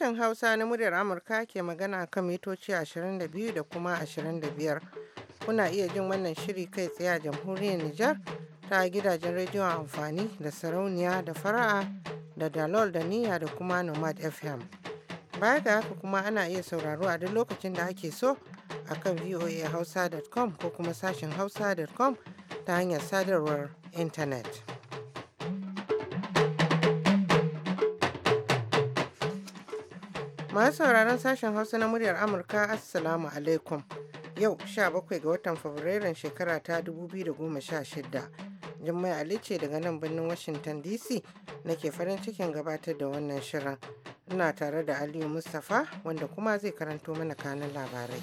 Sashen Hausa na muryar Amurka ke magana kan mitoci 22 da kuma 25. Kuna iya jin wannan shiri kai tsaye a jamhuriyar Nijar ta gidajen rediyon amfani da sarauniya da fara'a da dalol da niyya da kuma nomad FM. Baya ga haka kuma ana iya sauraro a duk lokacin da ake so a kan voahausa.com ko kuma sashen hausa.com ta hanyar sadarwar intanet. Masu sauraron sashen Hausa na muryar Amurka Assalamu alaikum. Yau 17 ga watan Fabrairun shekara ta 2016. Jummai Ali ce daga nan birnin Washington DC nake farin cikin gabatar da wannan shirin. Ina tare da Aliyu Mustapha wanda kuma zai karanto mana kanin labarai.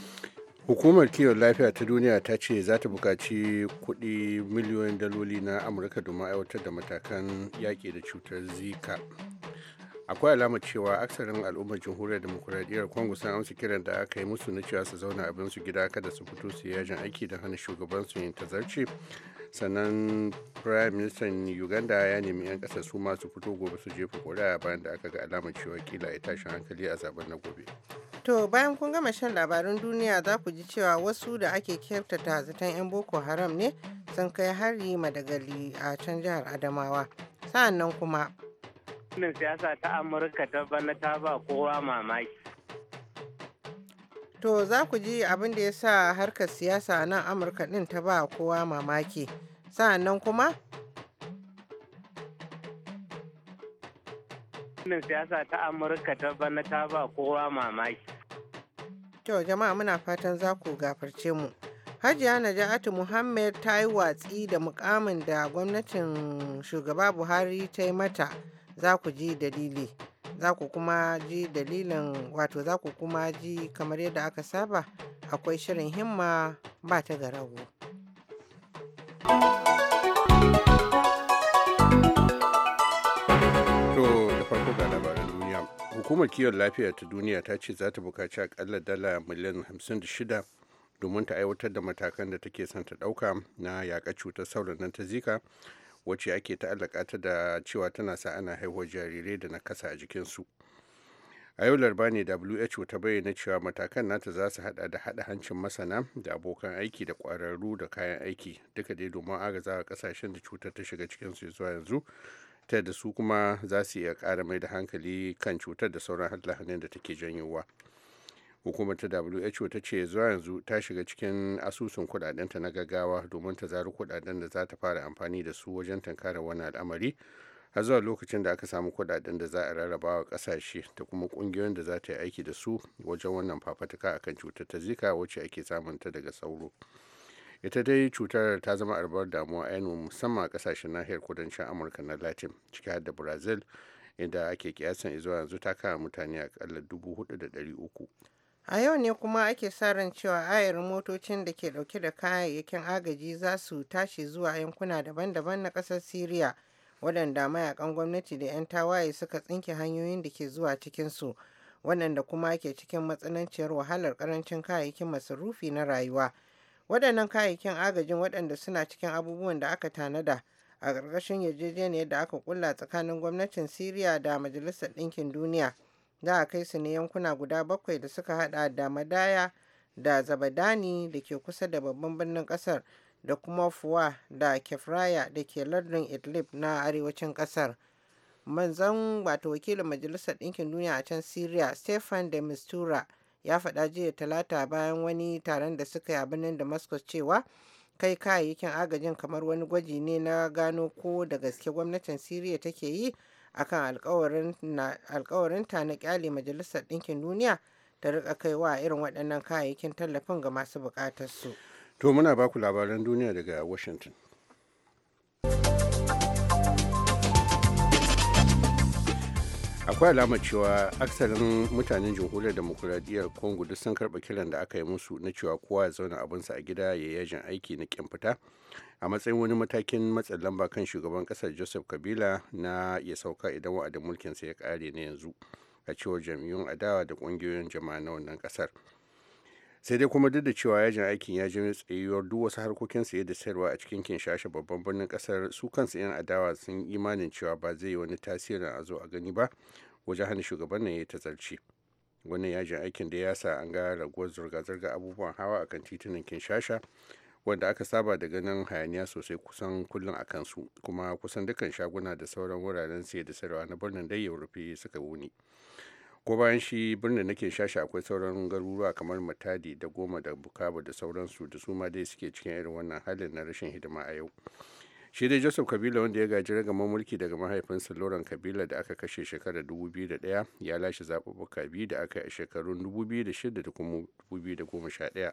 Hukumar kiwon lafiya ta duniya ta ce za ta bukaci kuɗi miliyoyin daloli na Amurka domin aiwatar da matakan yaƙi da cutar Zika. akwai alamar cewa aksarin al'ummar jamhuriyar demokuraɗiyyar congo sun amsa kiran da aka yi musu na cewa su zauna abin su gida kada su fito su yajin aiki da hana shugaban su yin tazarci sannan prime minister uganda ya nemi 'yan ƙasa su masu fito gobe su jefa kuri'a bayan da aka ga alamar cewa kila ya tashin hankali a zaben na gobe to bayan kun gama shan labarun duniya za ku ji cewa wasu da ake kyautata zaton 'yan boko haram ne sun kai hari madagali a can jihar adamawa sa'an nan kuma Wannan siyasa ta Amurka ta bana ta ba kowa mamaki. To za ku ji abin da ya sa harkar siyasa nan Amurka ɗin ta ba kowa mamaki. Sa'annan kuma? Wannan siyasa ta Amurka ta bana ta ba kowa mamaki. To jama'a muna fatan za ku gafarce mu. Hajiya Naja'atu Muhammad ta yi watsi da mukamin da gwamnatin shugaba Buhari ta yi mata za ku ji dalili za ku kuma ji dalilin wato za ku kuma ji kamar yadda aka saba akwai shirin himma ba ta ga rago. farko ga labaran duniya. Hukumar kiwon lafiya ta duniya ta ce za ta buƙaci akalla dala miliyan 56 domin ta aiwatar da matakan da take son ta ɗauka na yaƙa cutar sauran nan ta zika wacce ake ta'allaka ta da cewa tana sa ana haihuwar jarirai da nakasa a jikin su a yau larba ne who ta bayyana cewa matakan nata za su hada da hada hancin masana da abokan aiki da kwararru da kayan aiki duka dai domin agazawa a kasashen da cutar ta shiga cikin su zuwa yanzu ta da su kuma za su iya kara mai da hankali kan cutar da sauran halayen da take janyowa. hukumar ta who ta ce zuwa yanzu ta shiga cikin asusun kudadenta na gaggawa domin ta zaru kudaden da za ta fara amfani da su wajen tankara wani al'amari har zuwa lokacin da aka samu kudaden da za a rarraba wa kasashe da kuma kungiyoyin da za ta yi aiki da su wajen wannan fafatuka akan cutar ta zika wacce ake samun ta daga sauro ita dai cutar ta zama arbar damuwa ainihin musamman a kasashen nahiyar kudancin amurka na latin ciki har da brazil inda ake kiyasan zuwa yanzu ta kama mutane akalla dubu hudu da dari uku A yau ne kuma ake sa ran cewa ayarin motocin da ke dauke da kayayyakin agaji za su tashi zuwa yankuna daban-daban na ƙasar Siriya waɗanda mayakan gwamnati da 'yan tawaye suka tsinke hanyoyin da ke zuwa cikinsu waɗanda kuma ke cikin matsananciyar wahalar karancin kayayyakin masarufi na rayuwa. Waɗannan kayayyakin agajin waɗanda suna cikin abubuwan da aka tanada a ƙarƙashin yarjejeniyar da aka kulla tsakanin gwamnatin Siriya da Majalisar Ɗinkin Duniya za a kai su ne yankuna guda bakwai da suka hada da madaya da zabadani da ke kusa da babban birnin kasar da kuma fuwa da kefraya da ke lardin idlib na arewacin kasar manzan wato wakilin majalisar ɗinkin duniya a can syria stefan de mistura ya faɗa jiya talata bayan wani taron da suka yi a birnin damascus cewa kai kayayyakin agajin kamar wani gwaji ne na gano ko da gaske gwamnatin syria take yi akan alkawarinta na kyale majalisar ɗinkin duniya ta rika kaiwa irin waɗannan kayayyakin tallafin ga masu buƙatar su. To muna baku labaran duniya daga Washington. akwai alamar cewa aksarin mutanen jamhuriyar demokuraɗiyyar congo duk sun karɓa kiran da aka yi musu na cewa kowa ya zauna abinsa a gida ya yajin aiki na ƙin fita a matsayin wani matakin matsin lamba kan shugaban ƙasar joseph kabila na ya sauka idan wa'adin mulkinsa ya kare na yanzu a cewar jam'iyyun adawa da ƙungiyoyin jama'a na wannan ƙasar sai dai kuma duk da cewa yajin aikin ya ji tsayuwar duk wasu harkokin saye da sayarwa a cikin kinshasha babban birnin kasar su kansu 'yan adawa sun imanin cewa ba zai yi wani tasirin a zo a gani ba wajen hana shugaban nan ya tazarci wannan yajin aikin da ya sa an ga raguwar zirga zurga abubuwan hawa akan titunan kinshasha wanda aka saba da ganin hayaniya sosai kusan kullum a kansu kuma kusan dukkan shaguna da sauran wuraren sayar da sayarwa na birnin dai ya suka wuni ko bayan shi birnin nake shashi akwai sauran garuruwa kamar matadi da goma da bukaba da sauransu da su ma dai suke cikin irin wannan halin na rashin hidima a yau shi dai joseph kabila wanda ya gaji ragamar mulki daga mahaifinsa lauren kabila da aka kashe shekarar 2001 ya lashe zaɓuɓɓuka biyu da aka yi a shekarun 2006 da kuma 2011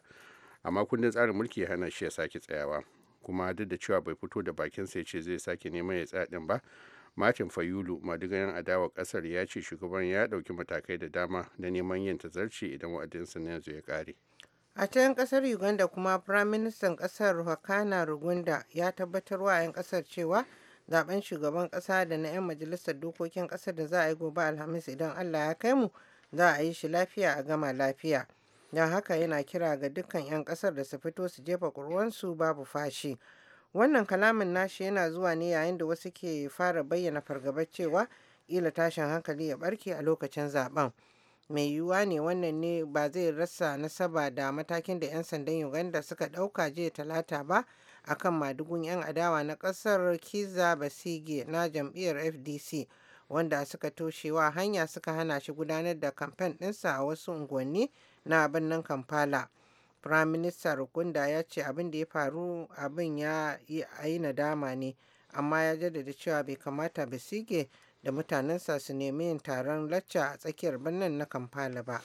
amma kundin tsarin mulki ya hana shi ya sake tsayawa kuma duk da cewa bai fito da bakinsa ya ce zai sake neman ya tsaya ba martin fayulu madigayen adawa kasar ya ce shugaban ya dauki matakai da dama na neman yin tazarci idan wa'adinsa na yanzu ya kare. a can kasar uganda kuma firaministan kasar hakana rugunda ya tabbatar wa 'yan kasar cewa zaben shugaban kasa da na 'yan majalisar dokokin kasar da za a yi gobe alhamis idan allah ya kai mu za a yi shi lafiya a gama lafiya don haka yana kira ga dukkan 'yan kasar da su fito su jefa kurwansu babu fashi wannan kalamin nashi yana zuwa ne yayin da wasu ke fara bayyana fargabar cewa ila tashin hankali ya barke a lokacin zaben mai yiwuwa ne wannan ne ba zai rasa nasaba da matakin da 'yan sandan uganda suka ɗauka jiya talata ba a kan madugun 'yan adawa na ƙasar kiza basige na jam'iyyar fdc wanda suka toshewa hanya suka hana shi gudanar da kamfen ɗinsa a wasu unguwanni na birnin kampala Firaminista Rukunda ya ce abin da ya faru abin ya yi nadama ne, amma ya jaddada cewa bai kamata sige da mutanensa su nemi yin taron lacca a tsakiyar birnin na Kampala ba.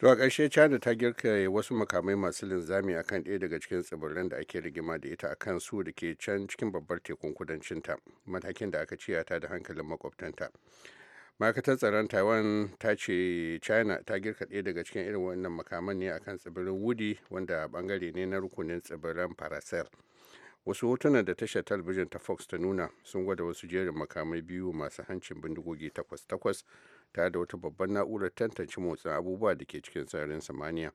To a ƙarshe China ta girka wasu makamai masu linzami akan ɗaya daga cikin tsibirin da ake rigima da ita akan su da ke can cikin babbar tekun kudancinta, matakin da aka ciyata da hankalin makwabtanta. ma'aikatar tsaron taiwan ta ce china ta girka ɗaya daga cikin irin wannan makaman ne akan tsibirin wudi wanda bangare ne na rukunin tsibirin paracel wasu hotunan da tashar talabijin ta fox ta nuna sun gwada wasu jerin makamai biyu masu hancin bindigogi takwas-takwas tare da wata babban na'urar tantance motsin abubuwa da ke cikin sararin samaniya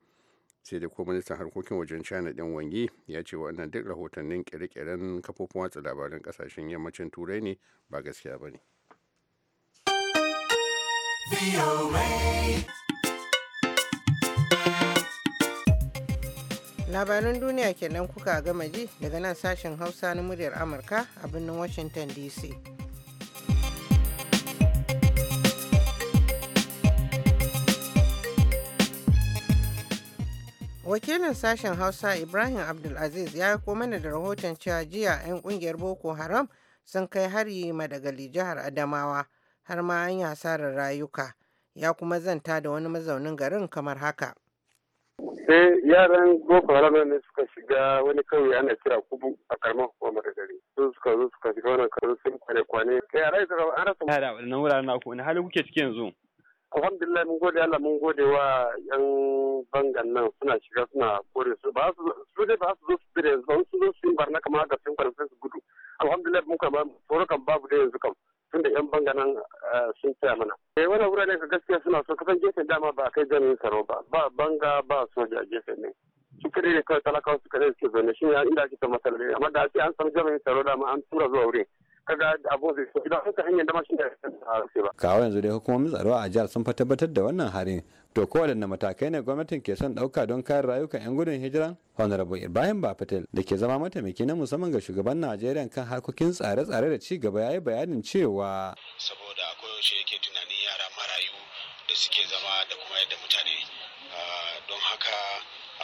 sai da ko ministan harkokin wajen china din wangi ya ce wannan duk rahotannin kere-keren kafofin watsa labaran kasashen yammacin turai ne ba gaskiya ba ne Labaran duniya kenan kuka gama ji daga nan sashen Hausa na muryar Amurka a birnin Washington DC. wakilin sashen hausa ibrahim abdulaziz ya koma mana da rahoton cewa jiya 'yan kungiyar boko haram sun kai hari madagali jihar adamawa har ma an yi hasarar rayuka ya kuma zanta da wani mazaunin garin kamar haka. sai eh, yaran boko haram ne suka shiga wani kauye ana kira kubu a karamar hukumar gari su suka zo suka shiga wani karo sun kwane kwane kai yaran suka an rasa da wannan wuraren na ku ne hali kuke ciki yanzu alhamdulillah mun gode Allah mun gode wa yan bangan nan suna shiga suna kore su ba su su dai ba su zo su dire yanzu su zo su yi barna kamar haka sun kwane su gudu alhamdulillah mun kama ba tsoro kan babu da yanzu kam idan banga nan eh, sun tsaya mana eh wannan ne ka gaskiya suna so kasan gefen dama ba kai ganin tsaro ba ba banga ba soja gefen ne suka ne kawai talakawa suka ne suke zaune shi ne inda ake ta ne amma da ake an san ganin tsaro dama an tura zuwa wuri. kaga abu zai so idan suka hanyar dama shi ne ba kawo yanzu dai hukumomin tsaro a jihar sun fa tabbatar da wannan harin to wadanne matakai ne gwamnatin ke son ɗauka don kare rayukan 'yan gudun hijira honorable ibrahim bafatel da ke zama mataimaki na musamman ga shugaban najeriya kan harkokin tsare-tsare da ci gaba ya yi bayanin cewa saboda akwai yaushe yake tunanin yara marayu da suke zama da kuma yadda mutane ah, don haka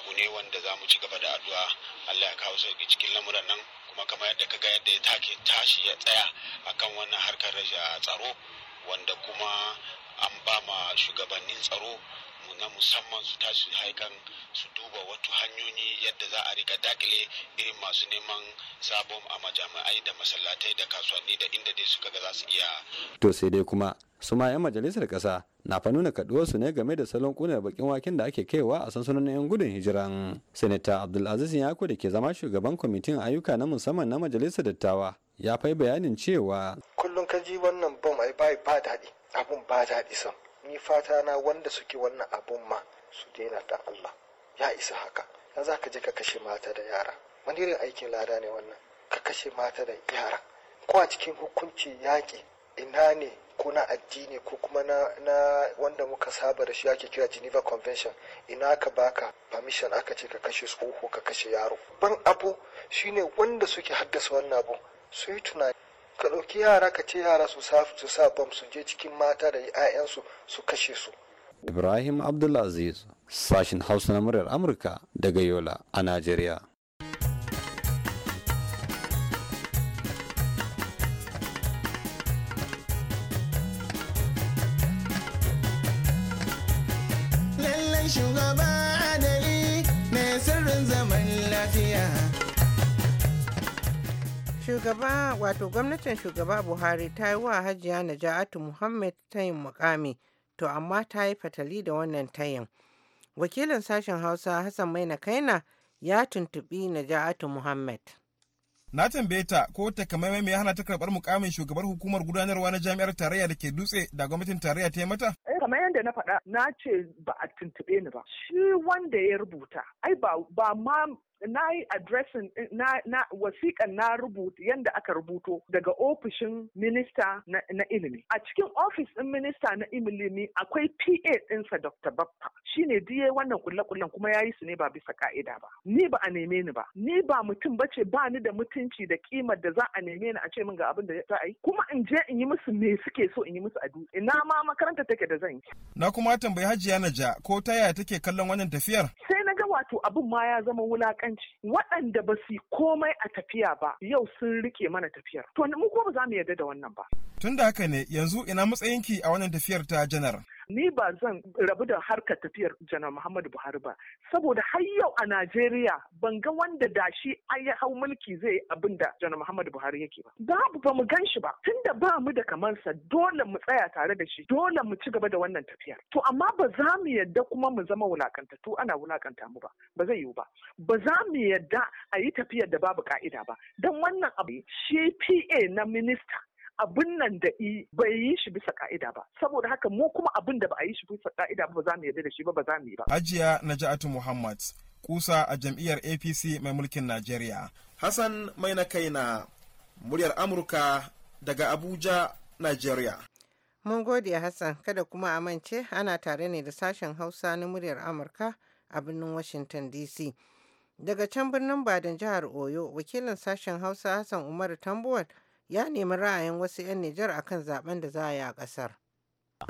abu ne wanda za mu ci gaba da addu'a allah ya kawo sauki cikin lamuran nan kuma kamar yadda ka ga yadda ya take tashi ya tsaya akan wannan harkar rashin ah, tsaro wanda kuma an ba ma shugabannin tsaro na musamman su tashi haikan su duba wata hanyoyi yadda za a rika dakile irin masu neman sabon a majami'ai da masallatai da kasuwanni da inda dai suka ga za su iya to sai dai kuma su ma 'yan majalisar ƙasa na fa nuna kaduwarsu ne game da salon kunar bakin waken da ake kaiwa a sansanonin 'yan gudun hijiran. senata Abdulaziz Yako da ke zama shugaban kwamitin ayyuka na musamman na majalisar dattawa ya fai bayanin cewa. Kullum ka ji wannan bom ai bai ba daɗi abun ba daɗi sam. Ni fata na wanda suke wannan abun ma su daina ta Allah ya isa haka. Na za ka je ka kashe mata da yara. Wani aikin lada ne wannan. Ka kashe mata da yara. Ko a cikin hukunci yaƙi ina ne ko na addini ko kuma na, wanda muka saba da shi ake kira geneva convention ina ka baka permission aka ce ka kashe tsoho ka kashe yaro ban abu shine wanda suke haddasa wannan abu su yi tunani ka ɗauki yara ka ce yara su sa su bam su je cikin mata da 'ya'yansu su kashe su ibrahim abdulaziz sashin hausa na muryar amurka daga yola a najeriya shugaba wato gwamnatin shugaba buhari ta yi wa hajiya naja'atu muhammad tayin mukami to amma ta yi fatali da wannan tayin wakilin sashen hausa hassan maina kaina ya tuntubi naja'atu muhammad na tambaye ta ko ta me mai hana ta karɓar mukamin shugabar hukumar gudanarwa na jami'ar tarayya da ke dutse da gwamnatin tarayya ta yi mata? Eh, kamar yadda na faɗa na ce ba a tuntuɓe ni ba shi wanda ya rubuta ai ba ma na yi addressing eh, na na wasiƙan na rubuta yanda aka rubuto daga ofishin minista na, ilimi a cikin ofis ɗin minista na ilimi akwai PA ɗinsa Dr. Baffa ne diye wannan kulle-kullen kuma yayi su ne ba bisa ka'ida ba ni ba a neme ni ba ni ba mutum bace ba ni da mutunci da ƙimar da za a neme ni a ce min ga abin da za a yi kuma in je in yi musu me suke so in yi musu a dutse ina ma makaranta take da zan yi na kuma tambayi Hajiya Naja ko ta yaya take kallon wannan tafiyar sai na ga wato abin ma ya zama wulakanci waɗanda ba su komai a tafiya ba yau sun rike mana tafiyar to mu ko ba za mu yarda da wannan ba Tun da haka ne yanzu ina matsayinki a wannan tafiyar ta janar. Ni ba zan rabu da harkar tafiyar janar Muhammadu Buhari ba, saboda har yau a Najeriya ban ga wanda da shi an ya hau mulki zai abin da janar Muhammadu Buhari yake ba. Babu ba mu gan shi ba, tunda ba mu da kamansa dole mu tsaya tare da shi, dole mu ci gaba da wannan tafiyar. To amma ba za mu yadda kuma mu zama to ana wulakanta mu ba, ba zai yiwu ba. Ba za mu yadda a yi tafiyar da babu ka'ida ba, don wannan abu shi PA na minista abin nan da i bai yi shi bisa ka'ida ba saboda haka mu kuma abin da ba a yi shi bisa ka'ida ba za mu yarda da shi ba ba za mu yi ba ajiya naja'atu muhammad kusa a jam'iyyar apc mai mulkin najeriya hassan mai na kaina muryar amurka daga abuja najeriya mun gode hassan kada kuma a mance ana tare ne da sashen hausa na muryar amurka a birnin washington dc daga can birnin badan jihar oyo wakilin sashen hausa hassan umaru Tambuwan. ya nemi ra'ayin wasu 'yan Nijar akan zaɓen da za a yi a ƙasar.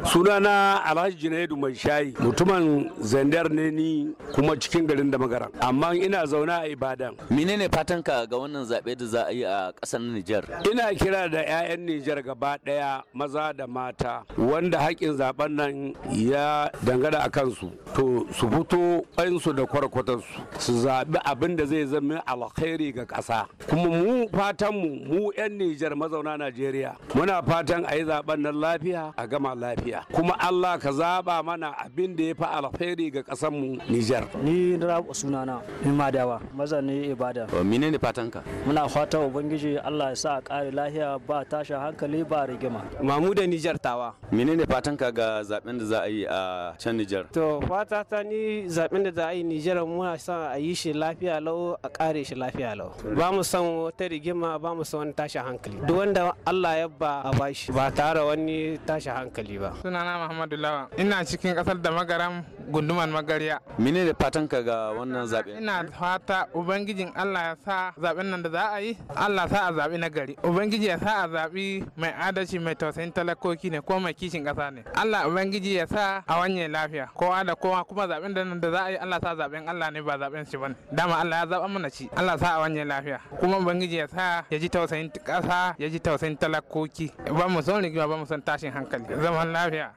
sunana alhaji junaidu mai shayi mutumin zandar ne ni kuma cikin garin da magara amma ina zaune a ibadan menene fatanka ga wannan zaɓe da za a yi a ƙasar nijar ina kira da 'ya'yan nijar gaba ɗaya maza da mata wanda haƙƙin zaɓen nan ya dangana a kansu to su fito ƙwansu da kwarkwatansu su zaɓi abin da zai zama alkhairi ga ƙasa kuma mu fatanmu mu 'yan nijar mazauna najeriya muna fatan a yi zaɓen nan lafiya a gama lafiya lafiya kuma Allah ka zaba mana abin da ya fi alheri ga kasan mu Nijar ni rabu sunana ni Madawa ne ibada to menene fatanka muna fata ubangiji Allah ya sa a ƙare lafiya ba tashin hankali ba rigima mamu da Nijar tawa menene fatanka ga zaben da za a yi a can Nijar to fata ta ni zaben da za a yi Nijar muna sa a yi shi lafiya lau a kare shi lafiya lau ba mu san wata rigima ba mu wani tashin hankali duk wanda Allah ya ba a bashi ba tare wani tashin hankali ba ba sunana muhammadu lawa ina cikin kasar da magaram gunduman magarya mene da fatan ka ga wannan zaɓe ina fata ubangijin allah ya sa zaɓen nan da za a yi allah sa a zaɓi na gari ubangiji ya sa a zaɓi mai adalci mai tausayin talakoki ne ko mai kishin ƙasa ne allah ubangiji ya sa a wanye lafiya kowa da kowa kuma zaɓen da nan da za a yi allah sa zaɓen allah ne ba zaɓen shi ba dama allah ya zaɓa mana ci allah sa a wanye lafiya kuma ubangiji ya sa ya ji tausayin ƙasa ya ji tausayin talakoki ba mu son rigima ba mu son tashin hankali zaman lafiya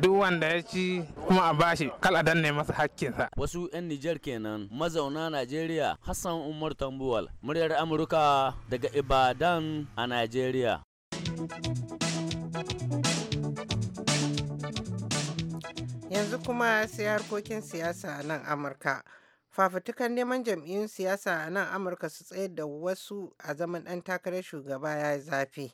duk wanda ya ci kuma a bashi kal a danne masa hakkinsa wasu 'yan nijar kenan mazauna najeriya hassan umar tambuwal muryar amurka daga ibadan a najeriya yanzu kuma sai harkokin siyasa a nan amurka fafutukan neman jam'iyyun siyasa a nan amurka su tsayar da wasu a zaman ɗan takarar shugaba ya yi zafi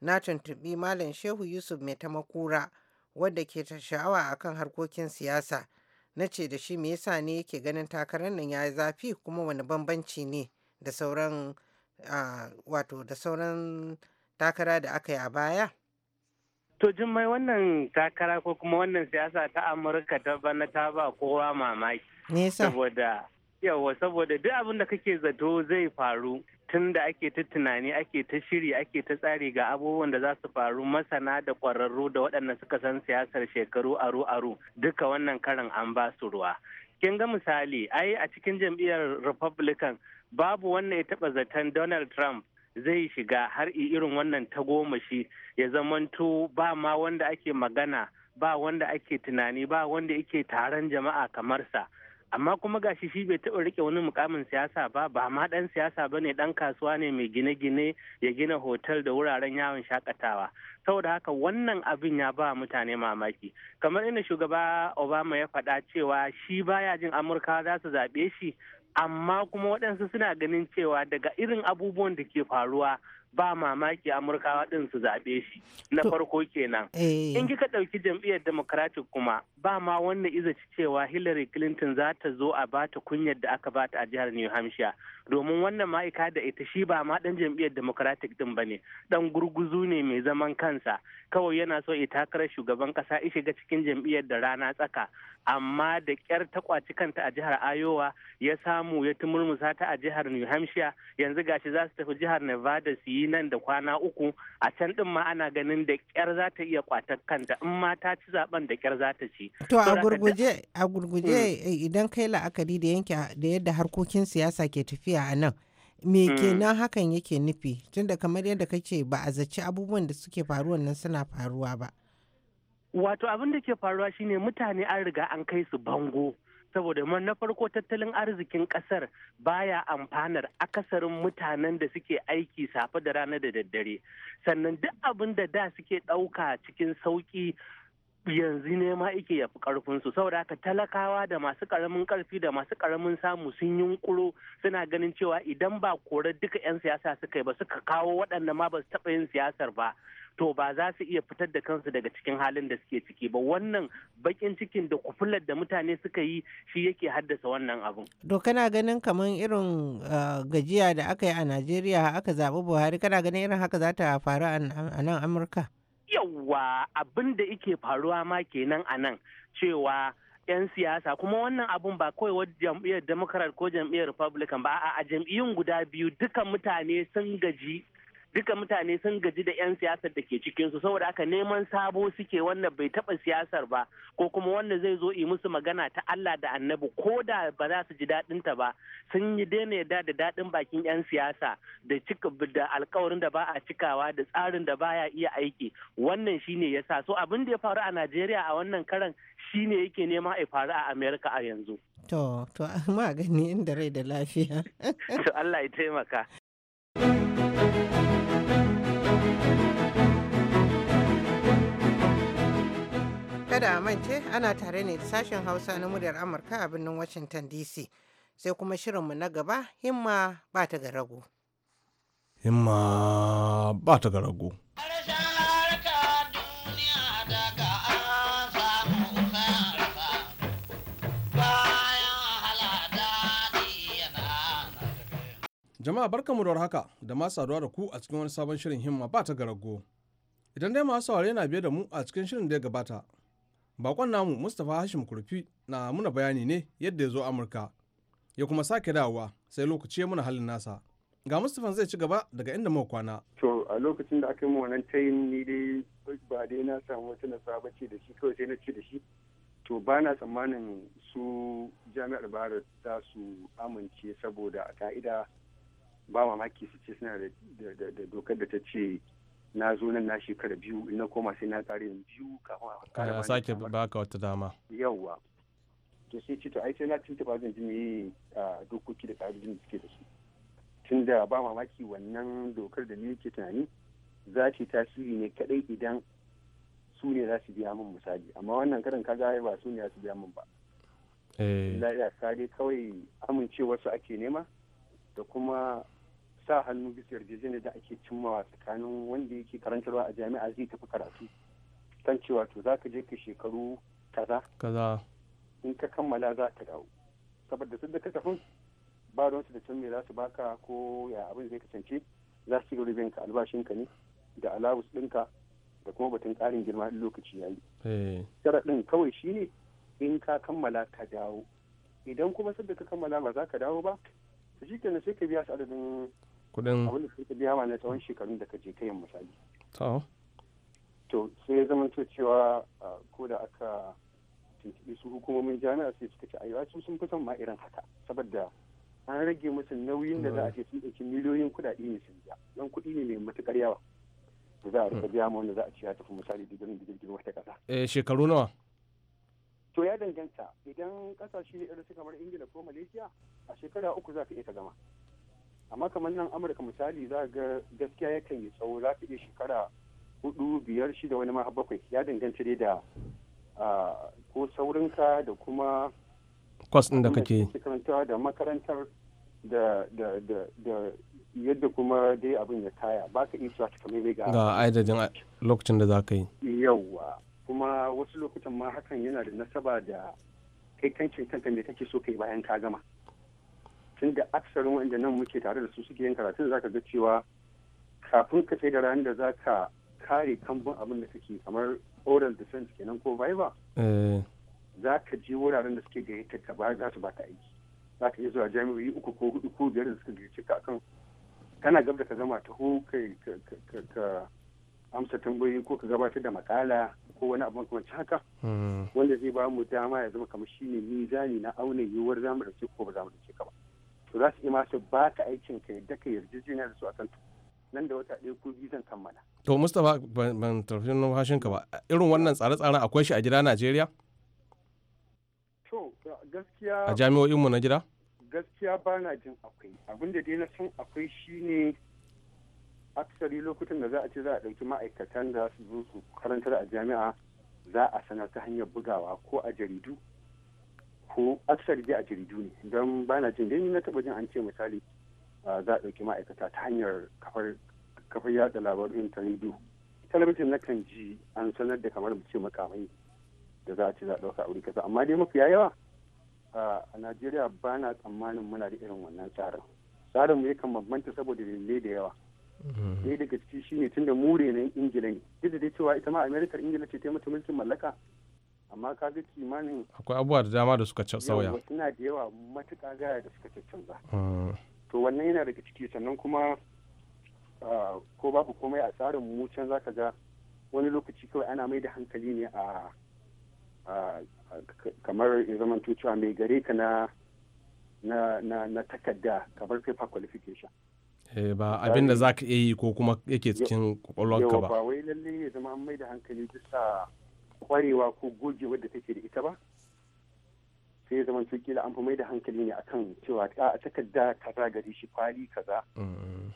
na tuntuɓi Malam Shehu Yusuf mai tamakura wadda ke ta sha'awa a kan harkokin siyasa. Na ce da shi me yasa ne yake ganin takarar nan ya yi zafi kuma wani bambanci ne da sauran wato da sauran takara da aka yi a baya? To mai wannan takara ko kuma wannan siyasa ta Amurka ta bana ta ba kowa mamaki. Saboda yawa saboda duk abin da kake zato zai faru tun da ake ta tunani ake ta shiri ake ta tsari ga abubuwan da za su faru masana da ƙwararru da waɗanda suka san siyasar shekaru aru-aru duka wannan karin an ba su ruwa kin ga misali ai a cikin jam'iyyar republican babu wannan ya taɓa zaton donald trump zai shiga har irin wannan ta tagomashi ya zamanto ba ma wanda ake magana ba wanda ake tunani ba wanda yake taron jama'a kamar sa amma kuma gashi shi bai taɓa rike wani mukamin siyasa ba ba ma ɗan siyasa ba ne ɗan kasuwa ne mai gine-gine ya gina hotel da wuraren yawon shakatawa saboda haka wannan abin ya ba mutane mamaki kamar inda shugaba obama ya faɗa cewa shi baya jin amurka za su zaɓe shi amma kuma waɗansu suna ganin cewa daga irin abubuwan da ke faruwa ba mamaki amurkawa ɗin su zaɓe shi na farko kenan eh. in kika ɗauki jam'iyyar democratic kuma ba ma wanda izaci cewa hillary clinton za ta zo a bata kunyar da aka bata a jihar new hampshire domin wannan ma'aika da ita shi ba ma ɗan jam'iyyar democratic ɗin ba ne ɗan gurguzu ne mai zaman kansa kansa kawai yana so ya takarar shugaban kasa ya shiga cikin jam'iyyar da rana tsaka amma da kyar ta kwaci kanta a jihar Iowa ya samu ya murmusa ta a jihar New Hampshire yanzu gashi za su tafi jihar Nevada su yi nan da kwana uku a can din ma ana ganin da kyar za ta iya kwatar kanta in ma ta ci zaben da kyar za ta ci to a gurguje a gurguje mm. idan kai la'akari da yanke da yadda harkokin siyasa ke tafiya a nan me mm. kenan hakan yake nufi tunda kamar yadda kake ba a zaci abubuwan da suke faruwa nan suna faruwa ba wato abin da ke faruwa shine mutane an riga an kai su bango saboda man na farko tattalin arzikin kasar baya amfanar akasarin mutanen da suke aiki safe da rana da daddare sannan duk abin da da suke ɗauka cikin sauƙi yanzu ne ma ike ya fi karfinsu saboda haka talakawa da masu karamin karfi da masu karamin samu sun yunkuro suna ganin cewa idan ba kore duka 'yan siyasa suka yi ba suka kawo waɗanda ma ba su taɓa yin siyasar ba to ba za su iya fitar da kansu daga cikin halin da suke ciki ba wannan bakin cikin da kufular da mutane suka yi shi yake haddasa wannan abun. To kana ganin kamar irin eh, gajiya da aka yi a Najeriya aka zaɓi Buhari kana ganin irin haka za ta faru a nan Amurka? yawwa abin da ike faruwa ma kenan a nan cewa 'yan siyasa kuma wannan abun ba kawai jam'iyyar democrat ko jam'iyyar republican ba a jam'iyyun guda biyu duka mutane sun gaji duka mutane sun gaji da 'yan siyasar da ke cikinsu saboda aka neman sabo suke wannan bai taba siyasar ba ko kuma wanda zai zo yi musu magana ta Allah da annabi ko da ba za su ji daɗin ta ba sun yi daina yarda da daɗin bakin 'yan siyasa da cika da alkawarin da ba a cikawa da tsarin da baya iya aiki wannan shine yasa so abin da ya faru a Najeriya a wannan karan shine yake nema ya faru a Amerika a yanzu. To, to ma gani inda rai da lafiya. To Allah ya taimaka. kada a mance ana tare ne da sashen hausa na muryar amurka a birnin washington dc sai kuma shirinmu na gaba himma ba ta ga rago himma ba ta ga rago Jama'a mu da haka da ma saduwa da ku a cikin wani sabon shirin himma ba ta ga rago Idan dai masu saurare na biye da mu a cikin shirin da ya gabata, Bakon namu Mustapha Hashim Kurfi na muna bayani ne yadda ya zo Amurka ya kuma sake dawowa sai lokaci ya muna halin nasa. Ga Mustapha zai ci gaba daga inda muka kwana. To a lokacin da aka yi wannan tayin ni dai ba dai na samu wata nasa ba ce da shi kawai sai na ce da shi. To ba na tsammanin su jami'ar bara za su amince saboda a ka'ida ba mamaki su ce suna da dokar da ta ce na zo nan na shekara biyu na koma sai na kare yin biyu kafin a ƙara sake baka wata dama yawwa to sai ce to ai sai na ba zan ji me dokoki da ƙa'idojin da suke da su tun da ba mamaki wannan dokar da ni ke tunani za ta tasiri ne kadai idan su ne za su biya min misali amma wannan karin kaga ba su ne za su biya min ba eh. lafiya kare kawai amincewarsu ake nema da kuma sa hannu bisa yarjejeniyar da ake cimmawa tsakanin wanda yake karantarwa a jami'a zai tafi karatu kan cewa to za ka je ka shekaru kaza kaza in ka kammala za ka dawo saboda su da ka tafi ba don su da can me za su baka ko ya abin zai kasance za su gari biyan ka albashinka ne da alawus ɗinka da kuma batun ƙarin girma in lokaci ya yi eh. ɗin kawai shi ne in ka kammala ka dawo idan kuma sadda ka kammala ba za ka dawo ba to shi kenan sai ka biya su adadin kudin abin da suka biya ma na tsawon shekarun da ka je kayan misali to sai ya zama to cewa ko da aka tuntuɓi su hukumomin jami'a sai suka ce ayyuka su sun fi son ma irin haka saboda an rage musu nauyin da za a ce sun ɗauki miliyoyin kuɗaɗe ne su biya don kuɗi ne mai matuƙar yawa da za a rika hmm. biya ma wanda za a ce ya tafi misali digirin digirgin wata ƙasa. eh shekaru nawa. to ya danganta idan ƙasashe irin su kamar ingila ko malaysia a shekara uku za ka iya ka gama. amma kamar nan amurka misali za ga gaskiya yakan yi tsawo za ka iya shekara hudu biyar shida wani ma bakwai ya danganci dai da ko saurinka da kuma kwas ɗin da kake karantawa da makarantar da yadda kuma dai abin ya kaya ba ka iya suwa cikin mai ga adadin lokacin da za ka yi yawwa kuma wasu lokutan ma hakan yana da nasaba da kai kancin kanka me kake so kai bayan ka gama tun da aksarin wanda nan muke tare da su suke yin karatun zaka ga cewa kafin ka sai da ranar da za ka kare kambun abin da kake kamar oral defense kenan ko viva eh. za ka je wuraren da suke gayyata ka ba za su baka aiki za ka iya zuwa jami'o'i uku ko hudu ko biyar da suka gayyace ka akan kana gab da ka zama taho ka amsa tambayoyi ko ka gabatar da makala ko wani abu makamancin haka hmm. wanda zai ba mu dama ya zama kamar shine mizani na auna yiwuwar zamu dace ko ba zamu dace ka ba to za su ima masu ba ka aikin kai da ka yarjejeniya da su kan nan da wata ɗaya ko biyu zan kammala. to mustapha ban tafi numfashin ka ba irin wannan tsare-tsaren akwai shi a gida najeriya. to gaskiya a jami'o'in mu na gida. gaskiya ba na jin akwai abin da dai na san akwai shi ne aksari lokutan da za a ce za a ɗauki ma'aikatan da su zo su karantar a jami'a za a sanar ta hanyar bugawa ko a jaridu ko aksar a jaridu ne don bana na jin dai na taba jin an ce misali za a ɗauki ma'aikata ta hanyar kafar yada labarin ta rediyo talabijin na kan ji an sanar da kamar ce makamai da za a ce za a ɗauka a wuri kasa amma dai mafiya yawa a najeriya ba na tsammanin muna da irin wannan tsarin tsarin mu yakan bambanta saboda dalilai da yawa mm-hmm. ɗaya daga ciki shine tunda mu renon ingila ne duk da dai cewa ita ma amerikar ingila ce ta mata mulkin mallaka amma ka ga kimanin akwai abubuwa da dama da suka sauya suna da yawa matuƙa gaya da suka canza hmm. to wannan yana daga ciki sannan kuma ko babu komai a tsarin mu can zaka ga wani lokaci kawai ana mai da hankali ne a kamar zaman zama mai gare ka na na takarda kamar paper qualification eh, ba abin da zaka iya yi ko kuma yake cikin kwakwalwarka ba ba wai lalle ya zama mai da hankali bisa kwarewa ko gogewa da take da ita ba sai zama kila an fi mai da hankali ne akan cewa a takarda kaza gari shi kwali kaza mm-hmm.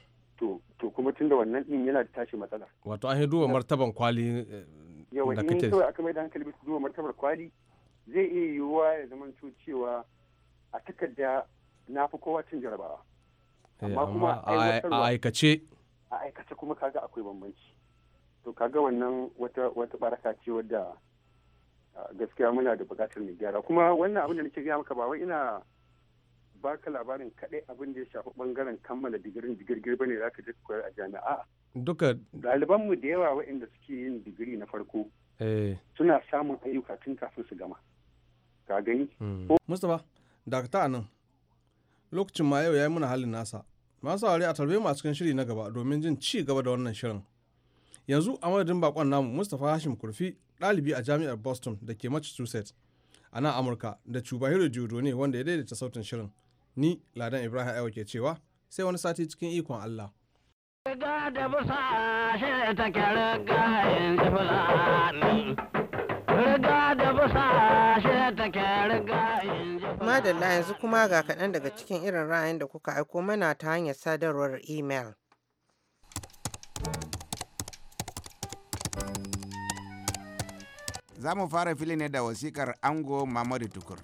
to kuma tunda wannan din yana da tashi matsala wato an duba martaban kwali eh, yawa in kawai aka mai da hankali bisa duba martabar kwali zai iya yiwuwa ya zama cewa a takarda na fi kowa cin jarabawa amma eh, kuma a aikace a aikace kuma kaga akwai bambanci to ga wannan wata wata baraka ce wadda gaskiya muna da bukatar mu gyara kuma wannan abin da nake gaya maka ba wai ina baka labarin kaɗai abin da ya shafi bangaren kammala digirin digirgir bane za ka je koyar a jami'a duka daliban mu da yawa waɗanda suke yin digiri na farko eh. suna samun ayyuka tun kafin su gama ka gani hmm. mustafa dakata nan lokacin ma yau ya yi muna halin nasa masu sauri a tarbe masu a cikin shiri na gaba domin jin ci gaba da wannan shirin yanzu a madadin bakon namu mustapha hashim kurfi ɗalibi a jami'ar boston da ke massachusetts a nan amurka da cubahiro jodo ne wanda ya daidaita sautin shirin ni ladan ibrahim aiwa ke cewa sai wani sati cikin ikon allah Madalla yanzu kuma ga kaɗan daga cikin irin ra'ayin da kuka aiko mana ta hanyar sadarwar imel. za mu fara fili ne da wasikar ango mamadu tukur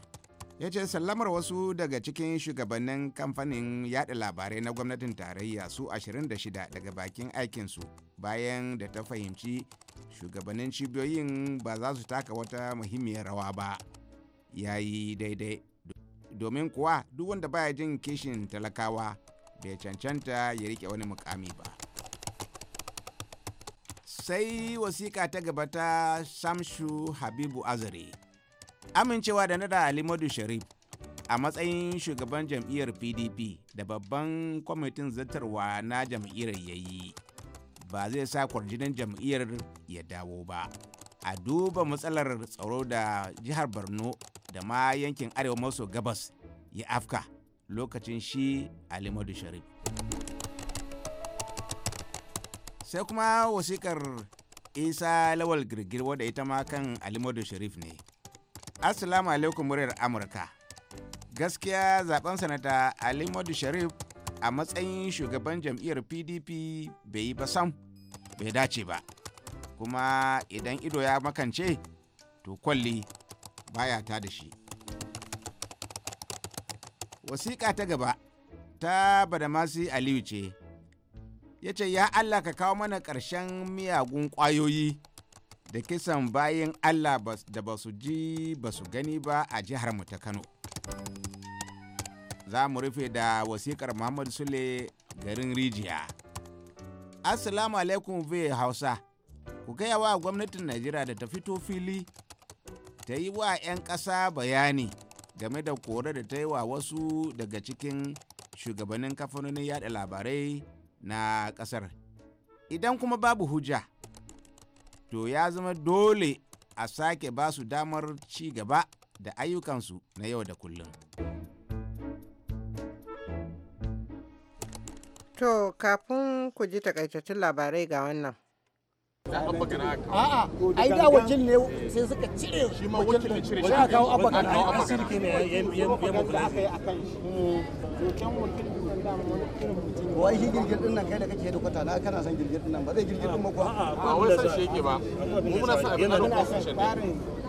ya ce sallamar wasu daga cikin shugabannin kamfanin yaɗa labarai na gwamnatin tarayya su 26 daga bakin aikinsu bayan da ta fahimci shugabannin cibiyoyin ba za su taka wata muhimmiyar rawa ba ya yi daidai domin kuwa duk wanda baya jin kishin talakawa bai cancanta ya rike wani mukami ba. sai wasiƙa ta gaba ta samshu habibu azare amincewa da nada alimadu sharif a matsayin shugaban jam'iyyar pdp da babban kwamitin zartarwa na jam'iyyar ya yi ba zai sa kwarjinin jam'iyyar ya dawo ba a duba matsalar tsaro da jihar borno da ma yankin arewa maso gabas ya afka lokacin shi alimadu sharif sai kuma wasikar isa lawal girgir wadda ita ma kan alimadu sharif ne assalamu alaikum muryar amurka gaskiya zaben sanata alimadu sharif a matsayin shugaban jam'iyyar pdp bai yi ba sam bai dace ba kuma idan ido ya makance to kwalli baya ta da shi wasiƙa ta gaba ta badamasi aliyu ce ya ce ya Allah ka kawo mana ƙarshen miyagun ƙwayoyi da kisan bayan Allah da ba su ji ba su gani ba a jihar mu ta Kano. Za mu rufe da wasikar Muhammadu Sule garin Rijiya. Assalamu alaikum ve Hausa, ku gaya wa gwamnatin Najeriya da ta fito fili ta yi wa 'yan ƙasa bayani game da kore da ta yi wa wasu daga cikin shugabannin kafanonin yada labarai na ƙasar idan kuma babu hujja to ya zama dole a sake ba su damar ci gaba da ayyukansu na yau da kullum. To, kafin ku ji takaitattun labarai ga wannan. A'a, ai da wakil ne sai suka cire shi ma wakil ne cire shi aka kawo abba asirki ne ya mafi da aka yi a kan shi. Doken wakil wai shi girgir din nan kai da kake da kwata na kana son girgir din nan ba zai girgir din ba kuwa a wani san shi yake ba mu muna son abin da roƙon shi ne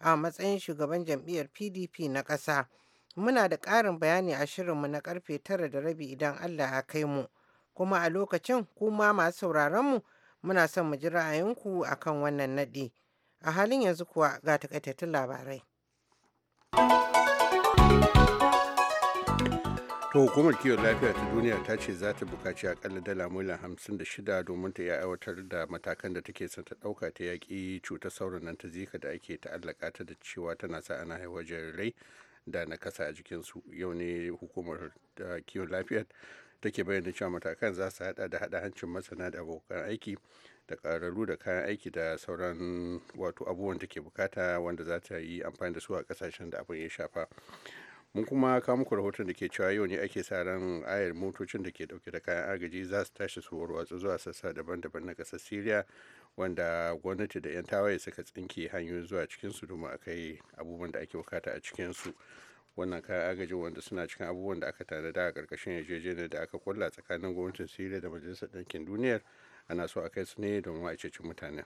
a matsayin shugaban jam'iyyar PDP na ƙasa. Muna da ƙarin bayani a shirinmu na karfe tara da rabi idan Allah ya kai mu. Kuma a lokacin kuma masu mu muna son mu ji ra'ayinku a kan wannan naɗi. A halin yanzu kuwa ga takaitattun labarai. to hukumar kiwon lafiya ta duniya ta ce za ta bukaci akalla dala miliyan hamsin da shida domin ta aiwatar da matakan da take son ta ɗauka ta yaƙi cutar sauran nan ta zika da ake ta allaka ta da cewa tana sa ana haihuwar jarirai da na kasa a jikinsu yau ne hukumar kiwon lafiya take bayyana cewa matakan za su haɗa da haɗa hancin masana da abokan aiki da ƙararru da kayan aiki da sauran wato abubuwan take bukata wanda za ta yi amfani da su a ƙasashen da abin ya shafa mun kuma kawo muku rahoton da ke cewa yau ne ake sa ran ayar motocin da ke dauke da kayan agaji za su tashi su warwatsu zuwa sassa daban-daban na kasar syria wanda gwamnati da 'yan tawaye suka tsinke hanyoyin zuwa cikinsu domin akai abubuwan da ake bukata a cikinsu wannan kayan agaji wanda suna cikin abubuwan da aka da a karkashin yarjejeniyar da aka kulla tsakanin gwamnatin syria da majalisar ɗinkin duniyar ana so a kai su ne domin a ceci mutane.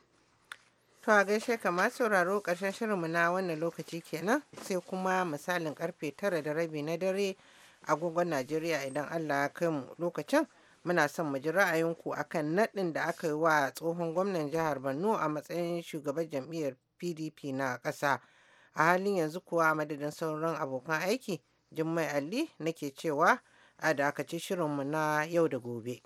To a gaishe kamar sauraro ƙarshen shirinmu na wannan lokaci kenan sai kuma misalin karfe tara da rabi na dare agogon Najeriya idan Allah ya kai mu lokacin muna son mu ji ra'ayinku akan naɗin da aka yi wa tsohon gwamnan jihar Borno a matsayin shugaban jam'iyyar PDP na ƙasa. A halin yanzu kuwa madadin sauran abokan aiki Jummai Ali nake cewa a da aka ci shirinmu na yau da gobe.